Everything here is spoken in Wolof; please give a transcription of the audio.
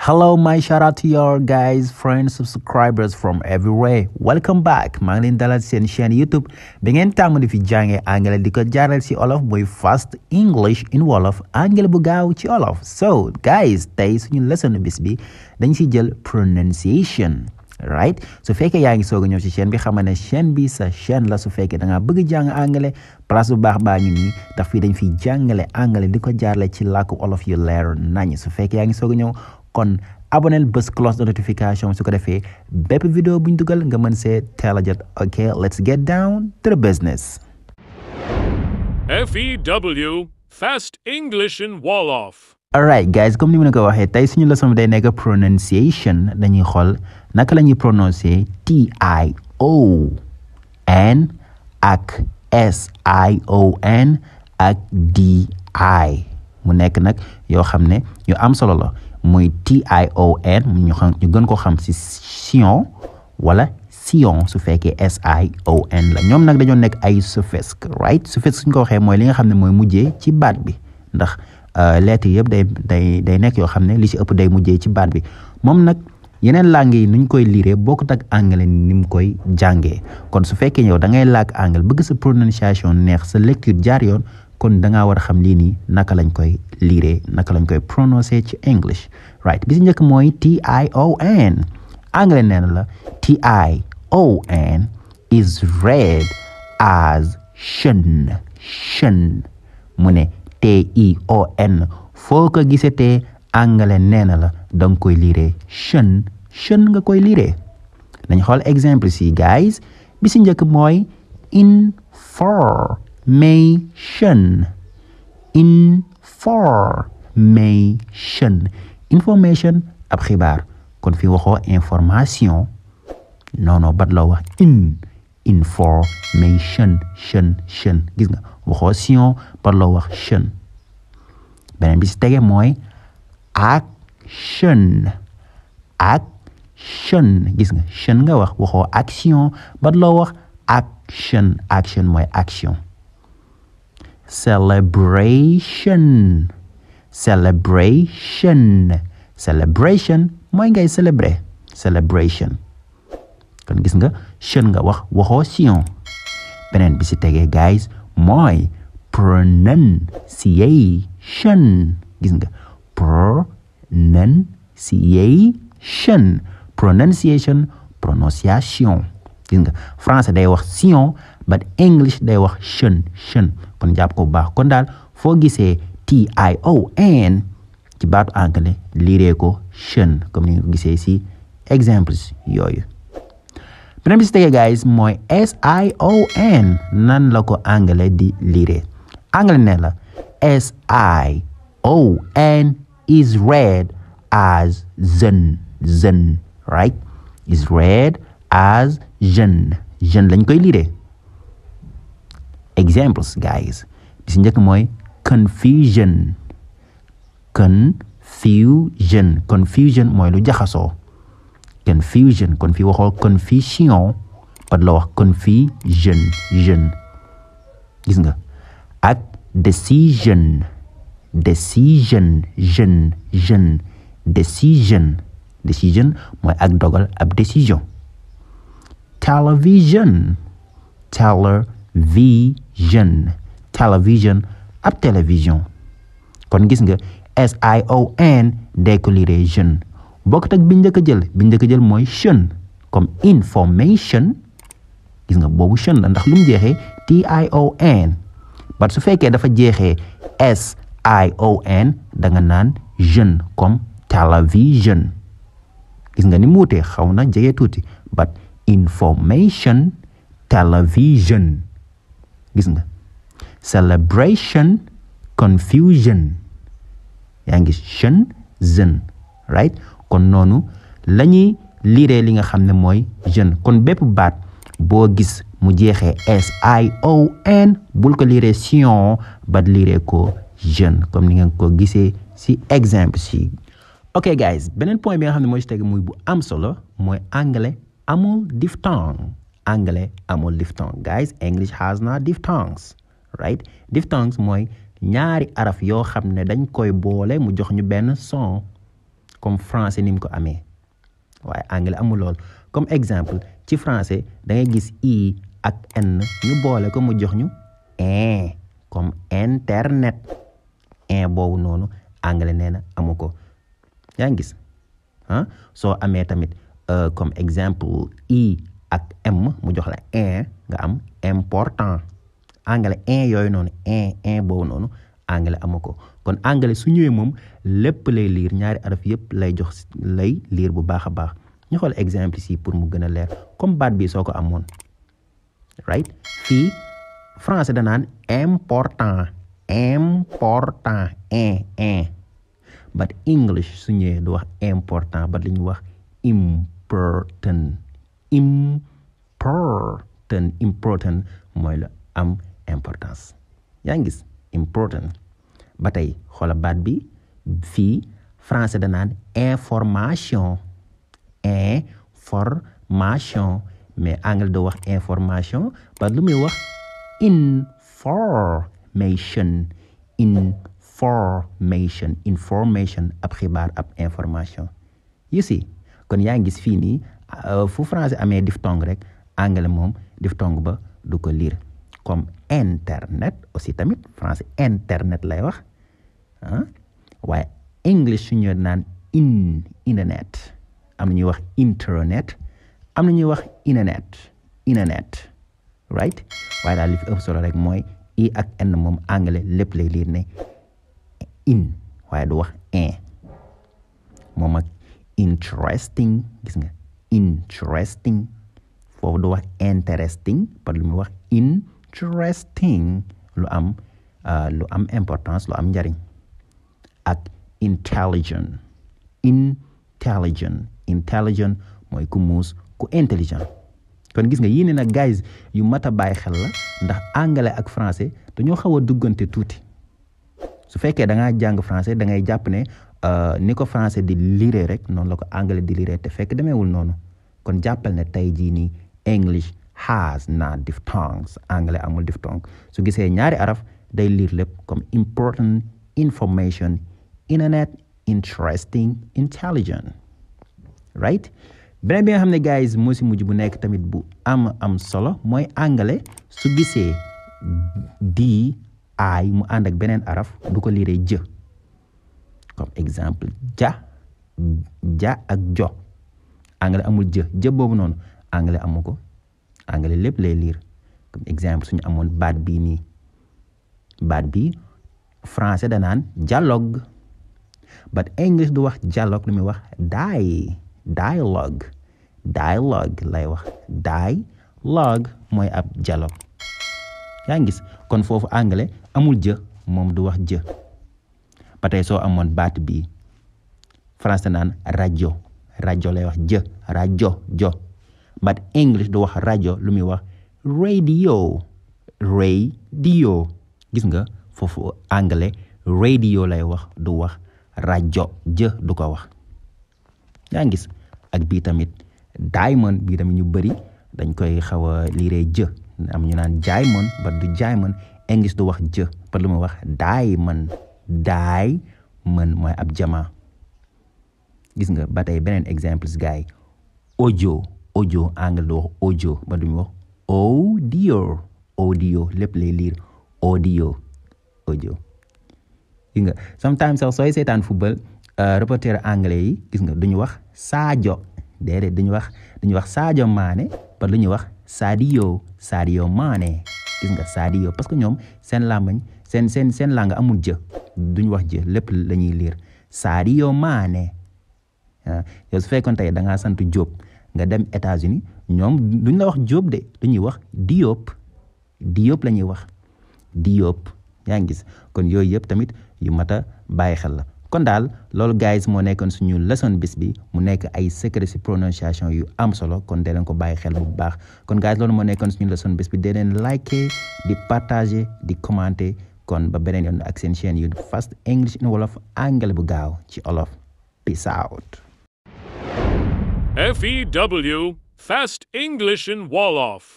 Hello, my shout out to your guys, friends, subscribers from everywhere. Welcome back maa ngi leen dalal seen chaîne YouTube bi ngeen tàmm di fi jàngee anglais di ko jaaral ci olof muy fast English in wolof anglais bu gaaw ci olof. So guys tey suñu lesson bis bi dañ ci jël pronunciation. right su fekkee yaa ngi soog a ñëw ci chaîne bi xamal ne chaîne bi sa chaîne la su fekkee da ngaa bëgg jàng anglais place bu baa ngi nii ndax fii dañ fiy jàngale anglais di ko jaarale ci làkku olof yu leer nañ su fekkee yaa ngi soog a ñëw kon aboneel bés cloche de notification su ko defee bépp video bu ñu dugal nga mën se teel a jot ok let's get down to the business. FEW Fast English in Wolof. alright guys comme ni ma leen ko waxee tey suñu leçon bi day nekk pronunciation dañuy xool naka la ñuy prononcer T I O N ak S I O N ak D mu nekk nag yoo xam ne yu am solo la. mooy TION ñu xam ñu gën ko xam si Sion wala Sion su fekkee SION la ñoom nag dañoo nekk ay suffixe right suffixe suñ ko waxee mooy li nga xam ne mooy mujjee ci baat bi ndax euh, lettre yëpp day day day nekk yoo xam ne li ci ëpp day mujjee ci baat bi moom nag yeneen langue yi nuñ koy liiree bokkut ak anglais ni mu koy jàngee kon su fekkee ñëw da ngay làkk anglais bëgg sa prononciation neex sa lecture jaar yoon kon da war a xam lii nii naka lañ koy liire naka lañ koy prononcer ci English right bi si njëkk mooy T I O la T I O is read as shun shun mu ne T I foo ko gisee te anglais nee na la da koy liire shun shun nga koy liire nañ xool exemple si guys bi si njëkk mooy in for information information information ab xibaar kon fi waxoo information noonoo non bat loo wax in information chen chen gis nga waxoo sion bat loo wax chen beneen bi tege mooy action action gis nga chen nga wax waxoo action bat loo wax action action mooy action celebration celebration celebration mooy ngay célébrer celebration kon gis nga chen nga wax waxoo sion beneen bi ci tegee guys mooy pronunciation gis nga pronunciation pronunciation prononciation gis nga français day wax sion but english day wax chen chen kon jàpp ko bu baax kon daal foo gisee tion ci baatu anglais liiree ko chen comme ni nga ko gisee si exemples yooyu beneen bi si tegee guys mooy sion nan la ko anglais di liiree anglais ne la sion is read as zen zen right is read as jen jen lañ koy liire exemples guys bi si njëkk mooy confusion confusion confusion mooy lu jaxasoo confusion kon fii waxoo confusion pat la wax confusion jeune gis nga ak decision decision jeune jeune decision décision mooy ak dogal ab décision television vision television ab télévision kon gis nga S I O N day ko lire jeune bokkut njëkk jël bi njëkk jël mooy chaîne comme information gis nga boobu chaîne la ndax lu jeexee T I O N parce su fekkee dafa jeexee S I O da nga naan jeune comme television gis nga ni mu wutee xaw na jege tuuti but information television. gis nga celebration confusion yaa ngi chen zen right kon noonu la ñuy liiree li nga xam ne mooy jeune kon bépp baat boo gis mu jeexee s bul ko liiree sion ba liiree ko jeune comme ni ngeen ko gisee si exemple si ok guys beneen point bi nga xam ne mooy si teg muy bu am solo mooy anglais amul diphtongue anglais amul diphthong guys english has na diphthongs right diphthongs mooy ñaari araf yoo xam ne dañ koy boole mu jox ñu benn son comme français nim ko amee waaye anglais amulool comme exemple ci français da ngay gis i ak n ñu boole ko mu jox ñu comme internet in boobu noonu anglais nee na amu ko yaa ngi gis ah? soo amee tamit euh, comme exemple i ak m mu jox la in nga am important anglais in yooyu noonu in in boobu noonu anglais amu ko kon anglais su moom lépp lay liir ñaari araf yëpp lay jox lay liir bu baax a baax ñu xool exemple si pour mu gën a leer comme baat bi soo ko amoon right fii français danaan important important in in but english su ñëwee du wax important but li ñu wax important important important mooy la am importance yaa ngis gis important ba tey xoola baat bi fii français danaan information information mais anglais doo wax information ba lu muy wax information information information ab xibaar ab information you see kon yaa ngi gis fii nii Euh, fu français amee diphtongue rek anglais moom diphtongue ba du ko lire comme internet aussi tamit français internet lay wax waaye english suñu naan in am na ñuy wax intranet am na ñuy wax internet internet right waaye daal li fi solo rek mooy i ak enn moom anglais lépp lay lire ne in waaye du wax in moom ak interesting gis nga interesting foofu du wax interesting par lu mu wax interesting lu am euh, lu am importance lu am njariñ ak intelligent intelligent intelligent mooy ku muus ku intelligent kon gis nga yii ne nag guys yu mat a bàyyi xel la ndax anglais ak français dañoo xaw a duggante tuuti su fekkee da ngaa jàng français da ngay jàpp ne Euh, ni ko français di lire rek noonu la ko anglais di lire te fekk demeewul noonu kon jàppal ne tey jii nii english has na diphthongs anglais amul diphthong su gisee ñaari araf day lire lépp comme important information internet interesting intelligent right beneen bi nga xam ne guys moo si mujj bu nekk tamit bu am am solo mooy anglais su gisee di ay mu ànd ak beneen araf du ko liiree jë comme exemple ja ja ak jo anglais amul jë jë boobu noonu anglais amu ko anglais lépp lay lire comme exemple suñu amoon baat bii nii baat bii français danaan dialogue but english du wax dialogue lu muy wax die dialogue dialogue lay wax dialogue mooy ab dialogue yaa ngis kon foofu anglais amul jë moom du wax jë ba soo amoon baat bi français naan rajo rajo lay wax jë rajo jo but english du wax rajo lu muy wax radio radio gis nga foofu anglais radio lay wax du wax rajo jë du ko wax yaa ngis ak bii tamit diamond bii tamit ñu bari dañ koy xaw a liiree jë am ñu naan diamond ba du diamond english du wax jë par lu muy wax diamond daay man mooy ab jama gis nga ba tey beneen exemple si gars yi du wax audio ba duñu wax audio audio lépp lay liir audio audio gis nga sometimes sax sooy seetaan football euh, reporter anglais yi gis nga duñu wax saajo déedéet duñu wax duñu wax saajo maane ba lu ñuy wax Sadio Sadio Mané gis nga Sadio parce que ñoom seen làmbañ seen seen seen langue amul jë duñ wax jë lépp la ñuy liir yoo Mané ah, yow su fekkoon tey da ngaa sant Diop nga dem États-Unis ñoom ñu la wax Diop de ñuy wax di Diop Diop la ñuy wax Diop yaa ngi gis kon yooyu yëpp tamit yu mat a bàyyi xel la kon daal loolu guys moo nekkoon suñu leçon bis bi mu nekk ay secret si prononciation yu am solo kon dee leen ko bàyyi xel bu baax kon guys loolu moo nekkoon suñu leçon bis bi dee leen liker di partager di commenter kon ba beneen yoon ak seen chaîne yu Fast English in wolof anglais bu gaaw ci olof peace out FEW Fast English in Wolof